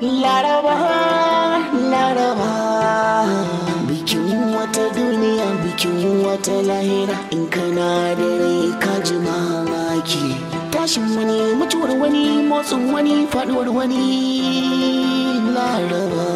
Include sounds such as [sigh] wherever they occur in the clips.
laraba laraba bikin wata duniya bikin wata lahira in kana dare ka ji mamaki tashin wani mutuwar wani motsin wani faduwar wani laraba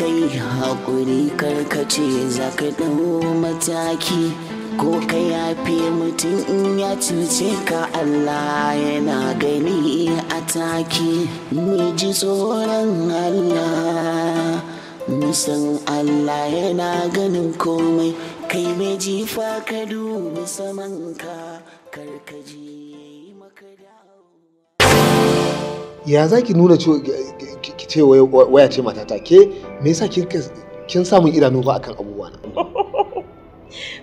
kai haƙuri karkace za ka ɗau mataki ko ka yafe mutum in ya cuce ka Allah yana gani a taki mu ji tsoron Allah musan Allah yana ganin komai kai mai jifa ka dubi samanka karkaji maka ya zaki nuna nuna ce waya ce matata ke me yasa kin kin samu idanu ba akan abubuwa na [laughs]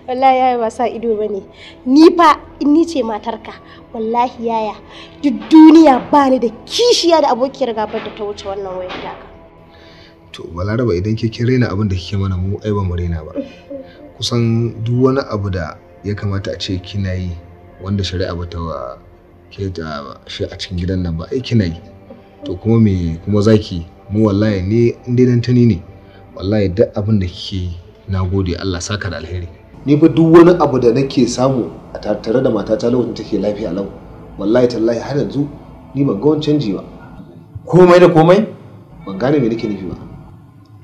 wallahi yaya ba sa ido bane ni fa in ni ce matarka wallahi yaya duk duniya ba ni da kishiya da abokiyar gabar da ta wuce wannan wayar ka? to balaraba idan ke kin raina abin da kike mana mu ai ba mu raina ba kusan duk wani abu da ya kamata a ce kina yi wanda shari'a ba ta ke da shi a cikin gidan nan ba ai kina yi to kuma me kuma zaki mu wallahi ne in dai tani ne wallahi duk abin da kike yi na gode Allah saka da alheri ni fa duk wani abu da nake samu a tattare da matata lokacin take lafiya lau wallahi tallahi har yanzu ni ban ga wani canji ba komai da komai ban gane me nake nufi ba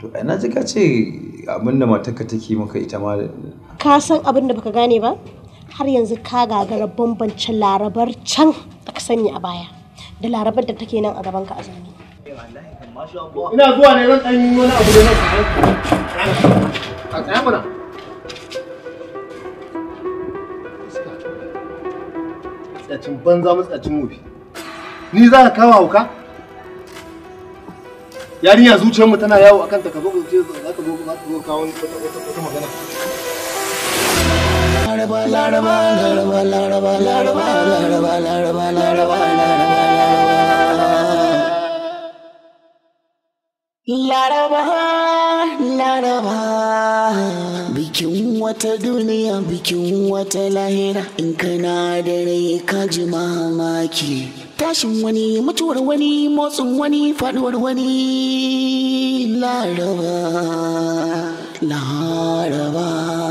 to ai na ji ka ce abin da matarka take maka ita ma ka san abin da baka gane ba har yanzu ka gagara bambancin larabar can da ka sani a baya da larabar da take nan a gaban ka a zaune ina zuwa ne zan ɗan yi wani abu da nan a ni za ka kawo hauka yarinya zuciyar mu tana yawo akan ta ka zo ka ce za ka zo ka wata magana Laraba, laraba Bikin wata duniya, bikin wata lahira In kana da rai ka ji mamaki Tashin wani, mutuwar wani, motsin wani, faduwar wani Laraba, laraba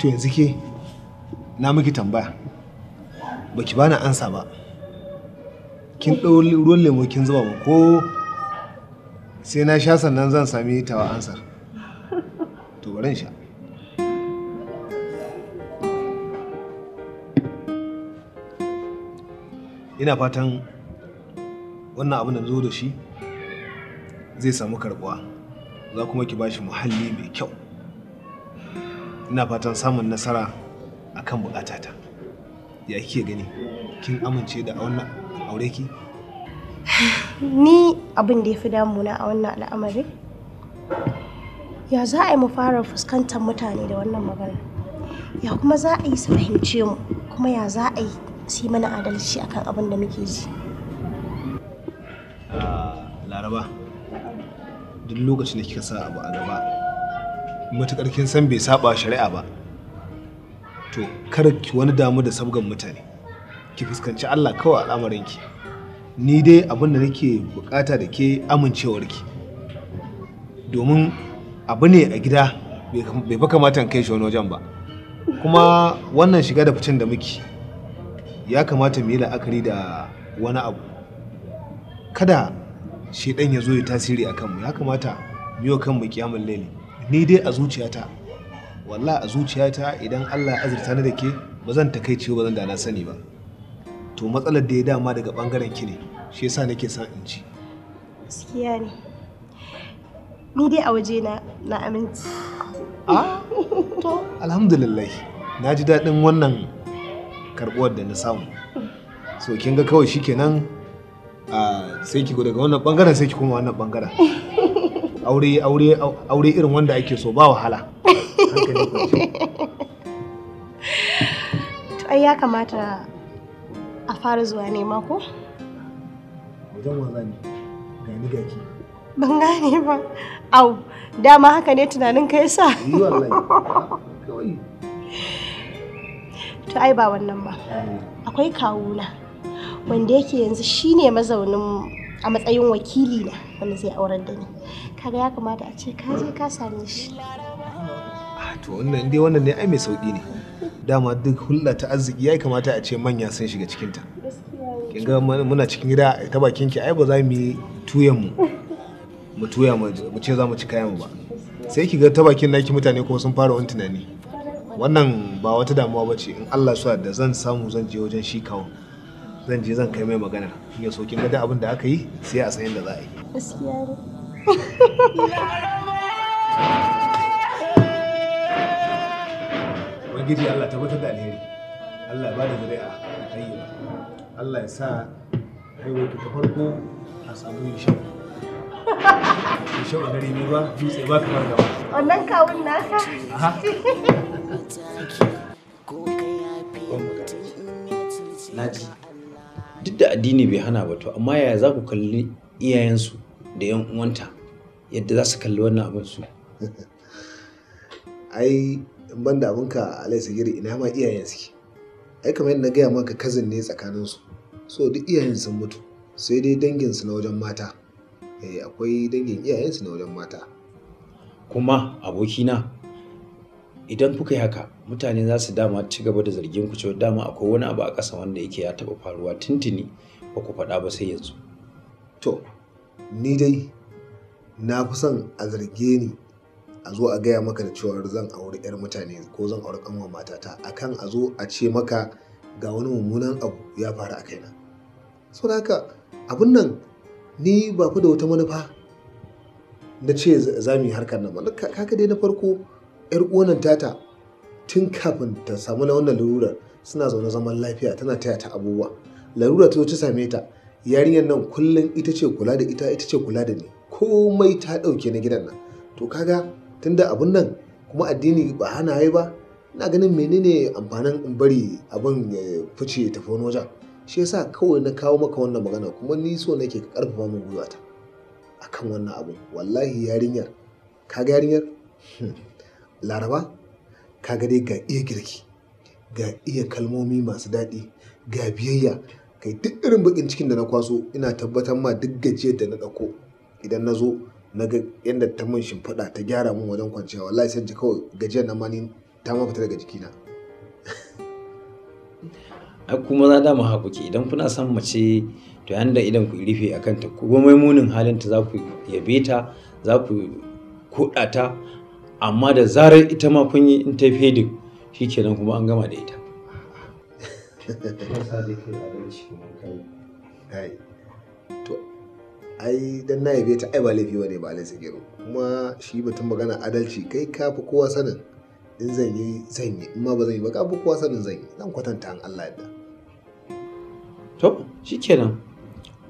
to yanzu ke na miki tambaya baki bani ansa ba kin ɗau ruwan lemo kin zuba ba ko sai na sha sannan zan sami tawa ansar to bari sha ina fatan wannan abin da zo da shi zai samu karbuwa za kuma ki bashi muhalli mai kyau ina fatan samun nasara akan bukatata ya kike gani kin amince da wannan aure ki [sighs] ni abin da ya fi damuna a wannan al'amari ya za a yi mu fara fuskantar mutane da wannan magana ya kuma za a yi su fahimce mu kuma ya za a yi su mana adalci akan abin da muke ji ah, laraba duk lokacin da kika sa abu a gaba matuƙar kin san bai saba shari'a ba to kar ki wani damu da sabgan mutane ki fuskanci Allah kawai al'amarin ki ni dai abin da nake bukata da ke amincewar ki domin abu ne a gida bai fa kamata kai shi wani wajen ba kuma wannan shiga da ficin da muke ya kamata mu yi la'akari da wani abu kada dan ya zo ya tasiri a kanmu ya kamata mu yi wa kanmu kiyamun laili ni dai a zuciyata walla a zuciyata idan Allah ya azurta ni da ke ba zan ciwo ba zan da na sani ba to matsalar da ya dama daga bangaren ki ne shi yasa nake sa in ci gaskiya ne ni dai a waje na na aminci to alhamdulillah na ji daɗin wannan karɓuwar da na samu so kin ga kawai shikenan sai ki daga wannan bangaren sai ki koma wannan bangaren aure aure aure irin wanda ake so ba wahala to ai ya kamata a fara zuwa ne ko wajen wa zani gani gaki ban gane ba au dama haka ne tunanin ka yasa to ai ba wannan ba akwai kawuna wanda yake yanzu shine mazaunin a matsayin wakili na wanda zai aurar da ni kaga ya kamata a ce ka je ka same shi to wannan dai wannan ne ai mai sauki ne dama duk hulɗa ta arziki ya kamata a ce manya sun shiga cikinta kin ga muna cikin gida ta bakin ki ai ba za mu yi tuyan mu mu tuya mu ce za mu ci kayan ba sai ki ga ta bakin naki mutane ko sun fara wani tunani wannan ba wata damuwa ba ce in Allah ya da zan samu zan je wajen shi kawo zan je zan kai mai magana in ya so kin ga abin da aka yi sai a san yadda za a yi Ubangiji Allah tabbatar da alheri. Allah ba da zuri'a tayyiba. Allah ya sa haihuwarki ta farko a samu yishau. Yishau a gari ne ba, dutse ba kamar gaba. Wannan kawun naka. Naji. Duk da addini bai hana ba to amma yaya za ku kalli iyayensu da 'yan uwanta yadda za su kalli wannan abin su [laughs] ai ban da ka alai giri ina ma iyayen suke ai kamar yadda na gaya maka kazin ne tsakanin su so duk iyayen sun mutu sai dai dangin su na wajen mata eh akwai dangin iyayen su na wajen mata kuma abokina idan kuka yi haka mutane za su dama ci gaba da zargin ku cewa dama akwai wani abu a ƙasa wanda yake ya taɓa faruwa tuntuni ba ku faɗa ba sai yanzu to ni dai na fi son a zarge ni a zo a gaya maka da cewar zan auri 'yar mutane ko zan auri kanwa matata a kan a zo a ce maka ga wani mummunan abu ya faru a kaina so da haka abin nan ni ba fi da wata manufa na ce za mu yi harkar nan ba kaka dai na farko 'yar uwanan tata tun kafin ta samu na wannan larurar suna zaune zaman lafiya tana taya ta abubuwa larura ta ta same ta yarinyar nan kullum ita ce kula da ita ita ce kula da ni komai ta ɗauke na gidan nan to kaga tunda abun nan kuma addini ba hana yi ba ina ganin menene amfanin in bari abin ya fice ta wani wajen shi yasa kawai na kawo maka wannan magana kuma ni so nake ka karfafa min ta akan wannan abu wallahi yarinyar kaga yarinyar hmm. laraba kaga dai ga iya girki ga iya kalmomi masu daɗi ga biyayya kai duk irin bakin cikin da na kwaso ina tabbatar ma duk gajiyar da na ɗauko idan na zo na ga yadda ta min shimfiɗa ta gyara mun wajen kwanciya wallahi sai kawai gajiyar na mani ta ma fita daga jikina a kuma za dama haku ke idan kuna son mace to yanda idan ku rufe a kanta komai munin halin ta za ku yabe ta za ku kuɗa ta amma da zarar ita ma kun yi in ta fedin kenan kuma an gama da ita ai dan na yabe ta ai ba laifi bane ba alai gero kuma shi batun magana adalci kai ka fi kowa sanin in zan yi zan yi in ma ba zan yi ba ka fi kowa sanin zan yi zan kwatanta an Allah yadda to shikenan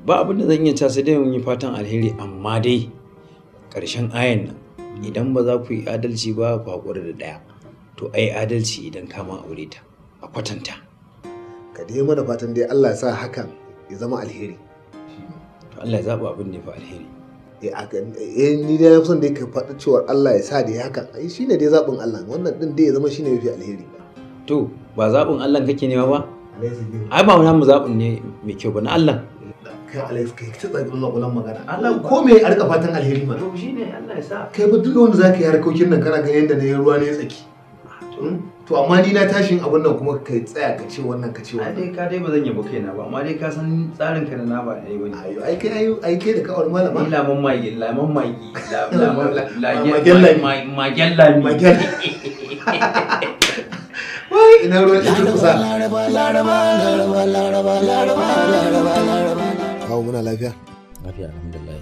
ba abin da zan yi ca sai dai mun yi fatan alheri amma dai ƙarshen ayan nan idan ba za ku yi adalci ba ku haƙura da ɗaya to ai adalci idan kama aure ta a kwatanta ka dai mana fatan dai Allah ya sa hakan ya zama alheri to Allah ya zaba abin ne fa alheri eh, eh ni dai na son dai ka faɗi cewa Allah ya sa da hakan ai shine dai zabin Allah wannan din dai ya zama shine mafi alheri to ba zabin Allah kake nema ba ai ba wannan mu zabin ne mai kyau ba na Allah kai Alex kai ta tsaye Allah kullum magana Allah ko me ya rika fatan alheri ma to shine Allah ya sa kai ba duk wanda zaka yi harkokin nan kana ganin yadda ne ruwa ne ya tsaki hmm? to amma ni na tashin abin nan kuma ka tsaya ka ce wannan ka ce wannan dai ka dai ba zan yabo kaina ba amma dai ka san tsarin ka na na ba dai bane ayo ai kai ayo ai kai da kawar malama illa mun mai illa mun mai illa lamon lagella magella ni magella wai ina ruwan ita kusa kawo muna lafiya lafiya alhamdulillah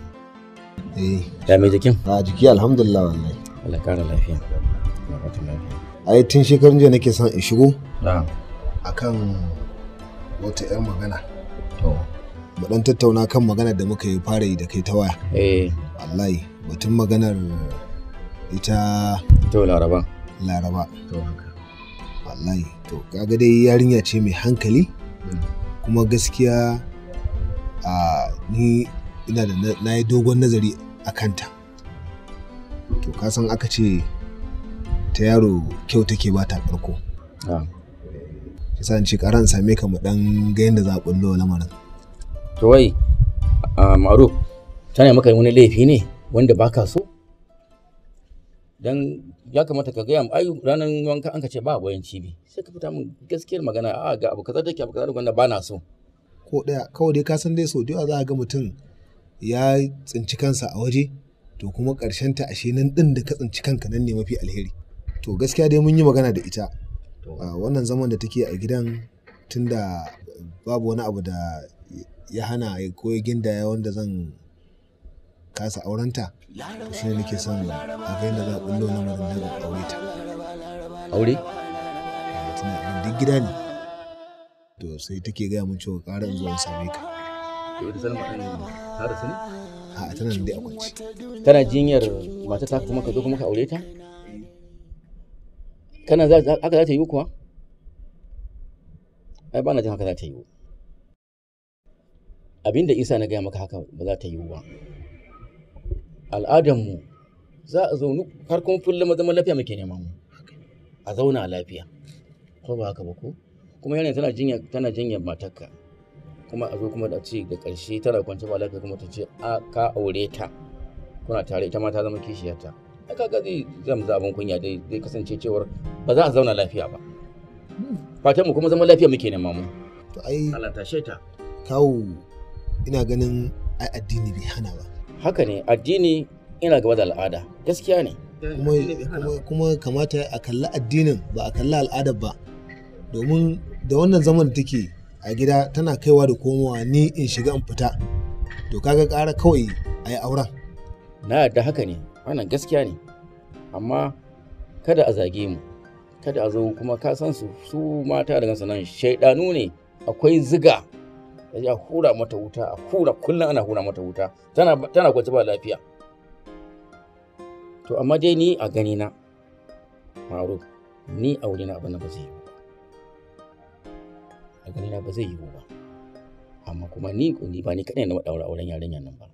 eh ya mai jikin a ah, jiki alhamdulillah wallahi Allah kara lafiya Allah lafiya ai tun shekarun jiya nake son in shigo a kan wata 'yan magana mu dan tattauna kan magana da muka yi fara yi da kai ta waya eh. wallahi batun maganar ita to laraba laraba to haka wallahi to kaga dai yarinya ce mai hankali hmm. kuma gaskiya a ni ina da na yi dogon nazari a kanta to kasan aka ce ta yaro kyau take ba ta farko kisan ah. eh, ci karan same ka mu dan ga yadda za a bullo lamarin to wai ah, ma'ruf ne maka wani laifi ne wanda baka so dan ya kamata ka gaya ayu ranar wanka an ka ce ba wayan cibi sai ka fita min gaskiyar magana a ah, ga abu kaza take abu kaza wanda ba na so ko daya kawai dai ka san dai so da za ga mutum ya tsinci kansa a waje to kuma ƙarshen ta ashe nan din da ka tsinci kanka nan ne mafi alheri to gaskiya dai mun yi magana da ita ah, wannan zaman da take a gidan tunda babu wani abu da ya hana ko ya gindaya wanda zan kasa aurenta shi ne nake son a ga yadda za a ɓullo na marin daga aure ta aure eh, tana duk gida ne to sai take gaya mun cewa ƙara zuwa in same ka ta ne a tana da dai a kwance tana jinyar mata ta kuma ka zo kuma ka aure ta kana haka za ta yi kuwa ai ba na jin haka za ta yi abinda isa na gaya maka haka ba za ta yi ba al'adarmu za a zaunu farkon fulla zama lafiya muke nema mu a zauna a lafiya ko ba haka ba ko kuma yanayin tana jinya tana jinya matakka kuma a zo kuma da ce da karshe tana kwance ba lafiya kuma ta ce a ka aure ta kuna tare ita ma ta zama kishiyarta ga zai zama zaben kunya dai zai kasance cewar ba za a zauna lafiya ba fata mu kuma zama lafiya muke nema mu to ai Allah ta shaita kawo ina ganin ai addini bai hana ba haka ne addini ina gaba da al'ada gaskiya ne eh, kuma kamata a kalli addinin ba a kalli al'adar ba domin da wannan zaman take a gida tana kaiwa da komowa ni in shiga in fita to kaga kara kawai a yi auren na yadda haka ne wannan gaskiya ne amma kada a zage mu kada a zo kuma ka san su su mata daga sanan shaidanu ne akwai ziga a hura mata wuta a hura kullum ana hura mata wuta tana tana kwace ba lafiya to amma dai ni a gani na maro ni a wurina abin ba zai yi ba a gani na ba zai yi ba amma kuma ni ba ni kadai na madaura auren yaren nan ba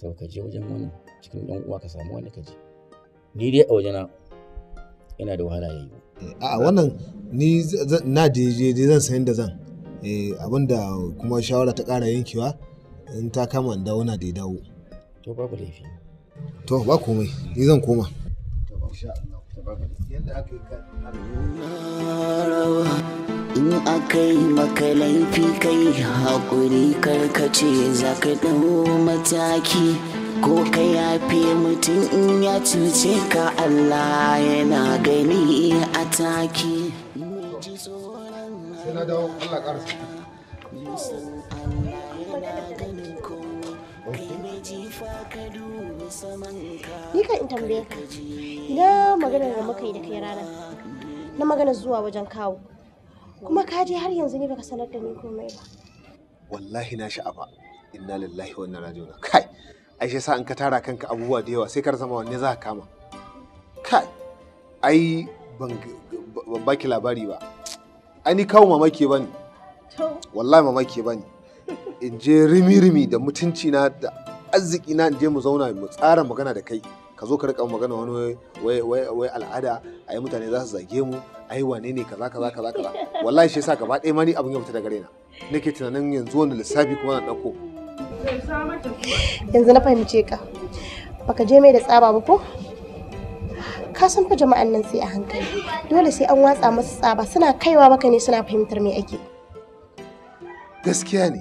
sau ka je wajen wani cikin ɗan uwa ka samu wani kaji ni dai a wajena yana da wahala yayi eh, a wannan ni na je zan san eh, da zan abinda kuma shawara ta ƙara yankewa in ta kama da wani da dawo to babu laifi to ba komai ni zan koma to insha Allah yanda aka yi ka in akai maka laifi kai haƙuri karkace za ka ɗau mataki ko ka yafe mutum in ya cuce ka Allah yana gani a taki Ni ka in tambaye ka, ina maganar da muka yi da kai rana, na magana zuwa wajen kawo. kuma ka je har yanzu ne baka sanar da ni komai ba wallahi na sha'aba inna lillahi wa inna raji'un kai ai shi yasa in ka tara kanka abubuwa da yawa sai ka zama wanne za ka kama kai ai ban baki labari ba ai ni kawo mamaki bane wallahi mamaki bane in je rimi-rimi da mutunci na da arziki na in je mu zauna mu tsara magana da kai ka zo ka rika magana wani wai al'ada a yi mutane za su zage mu ai wane ne kaza kaza kaza kaza wallahi shi yasa gaba ɗaya ma ni abin ya fita daga raina nake tunanin yanzu wani lissafi kuma na ɗauko yanzu na fahimce ka baka je mai da tsaba ba ko ka san fa jama'an nan sai a hankali dole sai an watsa masa tsaba suna kaiwa maka ne suna fahimtar me ake gaskiya ne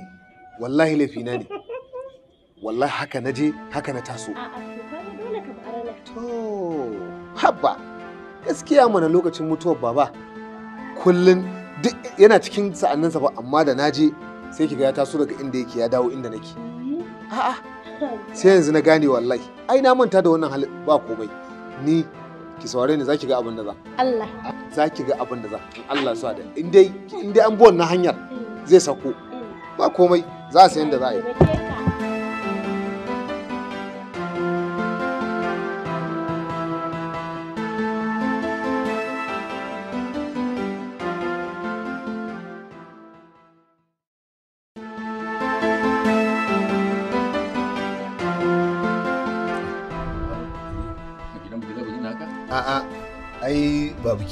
wallahi laifina ne wallahi haka na je haka na taso Habba, oh, haba, gaskiya mana lokacin mutuwar baba kullum duk yana cikin sa'anninsa ba amma da naje sai kiga ya taso daga inda yake ya dawo inda nake. A'a, sai yanzu na gane wallahi, ai na manta da wannan hali. ba komai. Ni ki saurare ni zaki ga abin da za. Allah. Zaki ga abin da za. Allah sa da in dai in dai an bi wannan hanyar mm. zai sako. Mm. Ba komai za a san yadda za a yi.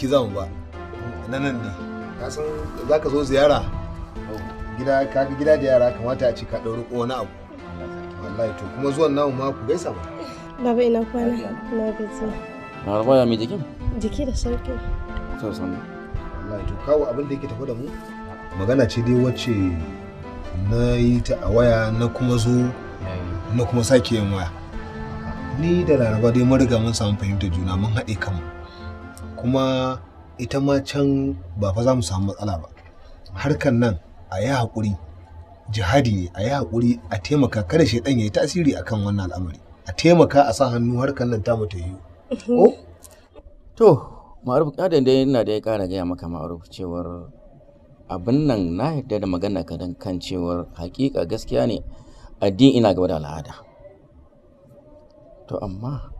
ki za ba na nan ne ka san za ka zo ziyara gida ka ga gida da yara kamata a ci ka ɗauri ko wani abu wallahi to kuma zuwan namu ma ku gaisa ba baba ina kwana na gaji na rawa ya mai jikin jiki da sarki. to san wallahi to kawo abin da yake tafi da mu magana ce dai wacce na yi ta a waya na kuma zo na kuma sake yin waya ni da laraba dai mun riga mun samu fahimtar juna mun haɗe kanmu kuma ita ma can ba fa za mu samu matsala ba harkan nan a yi haƙuri jihadi ne a yi haƙuri a taimaka kada shaidan ya yi tasiri akan wannan al'amari a taimaka a sa hannu harkan nan ta mutu yi mhm. oh? to ma'aruf ƙarin dai ina da ya ƙara gaya maka ma'aruf cewar abin nan na yarda da magana ka dan kan cewar hakika gaskiya ne addini ina gaba da al'ada to amma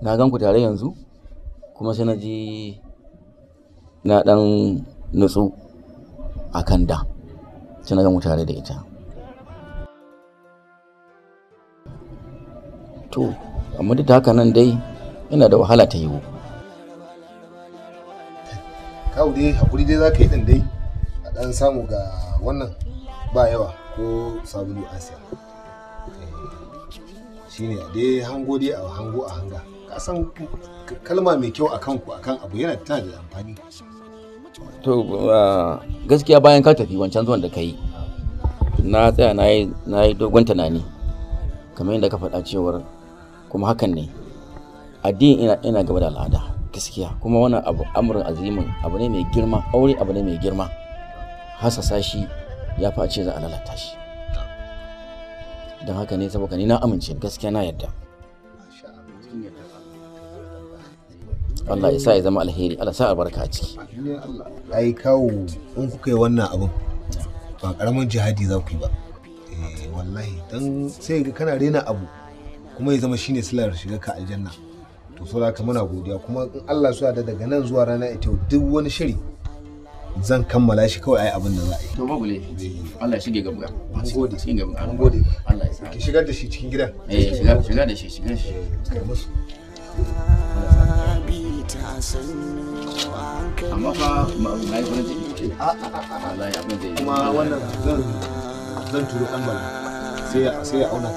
na gan ku tare yanzu kuma sai na ji na ɗan nutsu a kan da sai na gamu tare da ita to amma duk da haka nan dai yana da wahala ta yiwu kawo dai hakuri dai za ka yi ɗin dai a ɗan samu ga wannan ba yawa ko sabulu asiya eh, shine dai hango dai a hango a hanga san kalma mai kyau akan ku akan abu yana tana da amfani to gaskiya bayan ka tafi wancan zuwan da ka yi na tsaya na yi dogon tunani kamar yadda ka faɗa cewar kuma hakan ne addini ina ina gaba da al'ada gaskiya kuma wannan abu amurin azimin abu ne mai girma aure abu ne mai girma hasasa shi ya fi a ce za a lalata shi don haka ne saboda ni na amince gaskiya na yadda Allah ya sa ya zama alheri Allah sa albarka a ciki ai kawo in kuka yi wannan abu ba karamin jihadi za ku yi ba eh, wallahi dan sai ga kana rena abu kuma ya zama shine silar shiga ka aljanna to so ka muna godiya kuma in Allah su da daga nan zuwa rana ita duk wani shiri zan kammala shi kawai ai abin da za a yi to magule eh. Allah ya shige gaba mun gode shi gaba mun gode Allah ya sa ki shigar da shi cikin gida eh shigar da shi shigar shi eh, amma fa ah. kuma wannan zan zan bala sai ya sai ya auna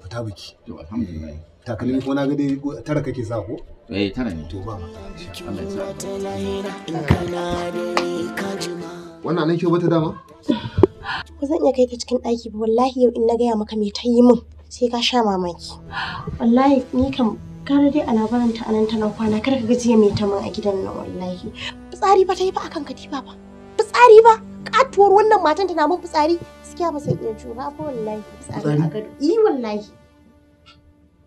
fita biki to alhamdulillah takalmi ko na ga dai tara kake sa ko eh tara ne to ba wannan nan kyau bata dama ba zan iya kai ta cikin ɗaki ba wallahi yau in na gaya maka me ta yi min sai ka sha mamaki wallahi ni kam Kare dai a labarin ta anan tana kwana kar ka gajiya mai ta a gidan nan wallahi. Fitsari ba ta yi ba akan katifa ba. Fitsari ba katuwar wannan matan tana mun fitsari gaskiya ba sai iya jura ba wallahi fitsari a gado. Yi eh wallahi.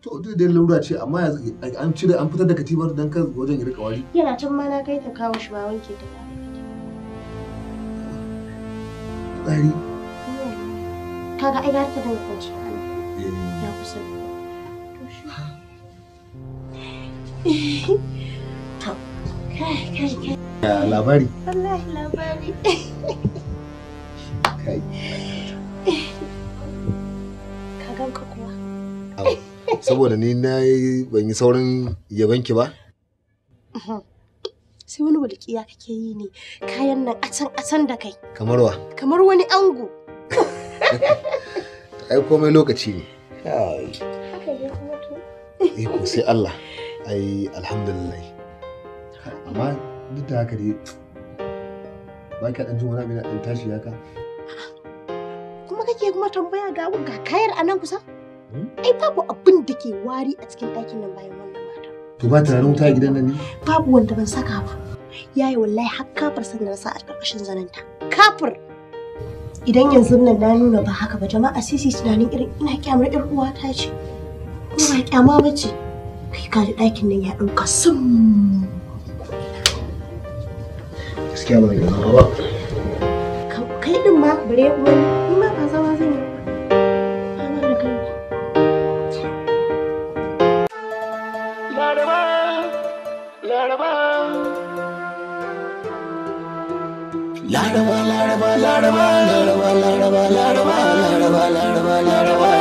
To duk da laura ce amma yanzu an cire an fitar da katifar dan kan wajen ya rika wari. Yana can ma na kai ta kawo shi ba wanke ta ba. Fitsari. Kaga ai ga ta da kwanci. Eh. Ya kusa. Ya labari? Wallahi labari. Kai. Ka ganka kuwa. Saboda ni na yi ban yi saurin yabanki ba? Sai wani walƙiya kake yi ne kayan nan acan-acan da kai. Kamar wa? Kamar wani ango. Ai lokaci ne. Haka Allah. ai alhamdulillah amma duk da haka dai ba ka dan jin wani abin da ɗan tashi haka kuma kake kuma tambaya ga ga kayar a nan kusa hmm? ai babu abin da ke wari a cikin ɗakin nan bayan wannan mata to ba ta wuta a gidan nan ne babu wanda ban saka ba yayi wallahi har kafar san da na sa a ƙarƙashin zananta kafir idan yanzu nan na nuna ba haka ba jama'a sisi tunanin irin ina kyamar ƴar uwa ta ce ko ba kyama ba ce kai ka ji ɗakin nan ya ɗauka sum gaskiya ba zan zama ba kai ɗin ma bare wani ni ma ba zama zan yi Laraba, Laraba. Laraba, Laraba, Laraba, Laraba, Laraba, Laraba, Laraba, Laraba, Laraba.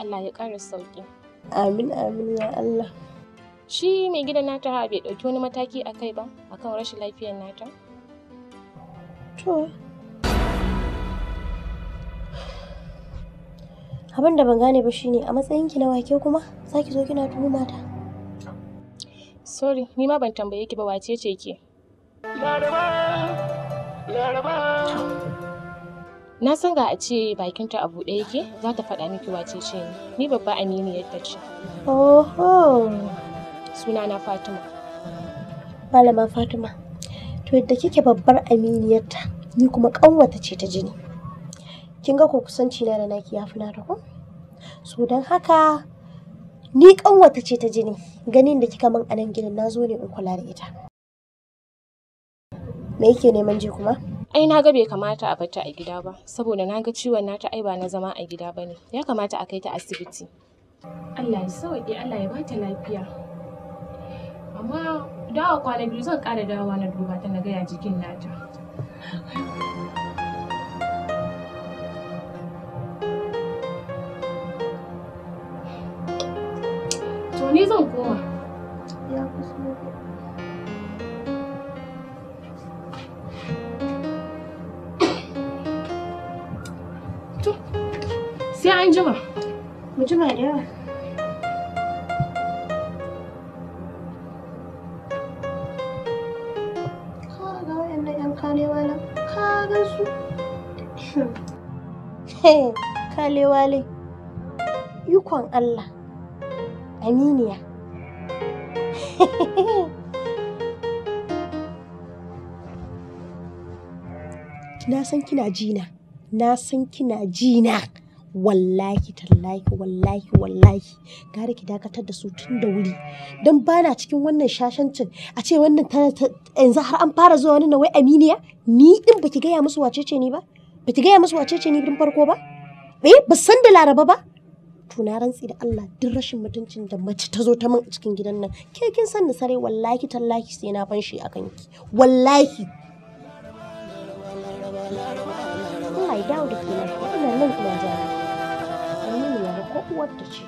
Allah ya ƙara sauƙi. Amin amin ya Allah. Shi mai gidan nata bai ɗauki wani mataki a kai ba akan rashin lafiyar nata? To. Abin da ban gane ba shine a matsayinki na wake kuma za ki zo kina tuhuma ta. Sorry, ni ma ban tambaye ki ba wace ce ke. Laraba, Laraba. na san ga a ce bakinta a buɗe yake za ta faɗa miki wace ce ni ni babba amini yadda ce oho suna na fatima malama fatima to yadda kike babbar aminiyarta ni kuma ƙanwata ce ta jini kin ga ko kusanci na da naki ya fi da ku so don haka ni ƙanwata ce ta jini ganin da kika min a nan gidan na zo ne in kula da ita me yake neman je kuma ai na ga bai kamata a bata a gida ba saboda na ga ciwon nata ai ba na zama a gida bane ya kamata a kai ta asibiti Allah ya sauke Allah ya ba ta lafiya amma dawa kwana biyu zan ƙara dawowa na duba ta na gaya jikin nata to ni zan koma jima. Mu jima da yawa. Kaga waɗannan 'yan kalewale, hmm. ikon Allah, aminiya. [laughs] kina jina, na san kina jina. Wallahi tallahi wallahi wallahi gara ki dakatar da su tun da wuri. Don ba na cikin wannan shashancin a ce wannan yanzu har an fara zuwa wannan wai aminiya ni din baki gaya musu wacece ni ba? ki gaya musu wacece ni din farko ba? Eh ba san da Laraba ba? to na rantsi da Allah duk rashin mutuncin da mace ta zo ta min a cikin gidan nan ke kin san ni sare wallahi tallahi sai na fanshi akan ki wallahi dawo da ke nan ina nan ina jara mu yara ko uwar ta ce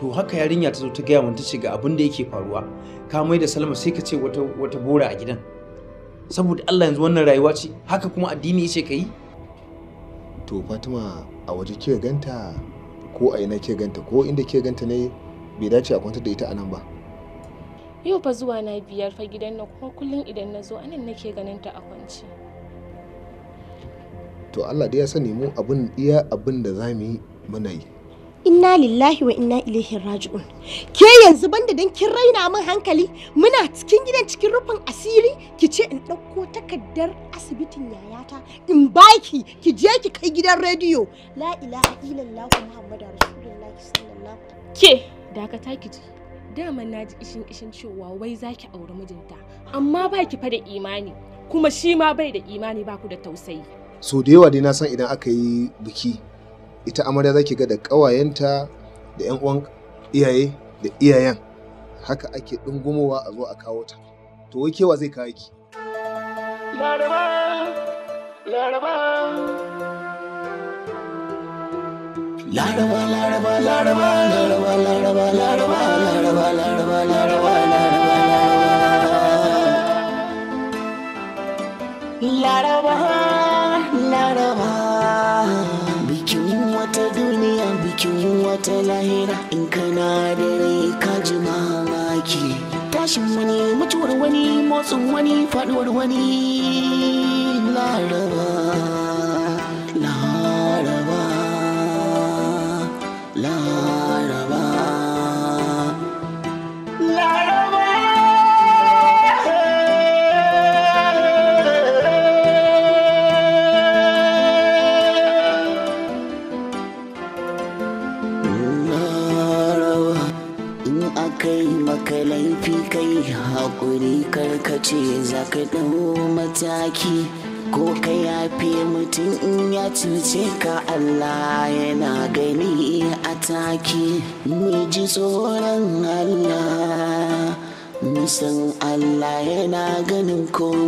to haka yarinya ta zo ta gaya mun ta ce ga abin da yake faruwa ka mai da salma sai ka ce wata wata bora a gidan saboda Allah yanzu wannan rayuwa ce haka kuma addini yace ka yi to Fatima a waje ke ganta ko a ina ke ganta ko inda ke ganta ne bai dace a kwantar da ita anan ba yau fa zuwa na biyar fa gidan nan kuma kullum idan na zo anan nake ganin ta a kwance to Allah da ya sani mu abin iya abin da za mu yi muna yi inna lillahi wa inna ilaihi raji'un ke yanzu banda dan kin raina min hankali muna cikin gidan cikin rufin asiri ki ce in ɗauko takardar asibitin yayata in baki ki je ki kai gidan rediyo la ilaha illallah muhammadu rasulullahi sallallahu ke dakata ki ji dama na ji ishin ishin cewa wai zaki aure mijinta amma baki fa da imani kuma shi ma bai da imani baku da tausayi so da yawa dai na san idan aka yi biki ita amarya zaki ga da ƙawayenta da 'yan uwan iyaye da iyayen haka ake ɗungumowa a zo a kawo ta to wai kewa zai kawo ki laraba laraba cikin wata lahira in kana da ni ka ji mamaki tashin wani mutuwar wani motsin wani faduwar wani laraba hakuri karkace za ka ɗau mataki ko ka yafe mutum in ya cuce ka Allah yana gani a taki ji tsoron Allah musan Allah yana ganin ko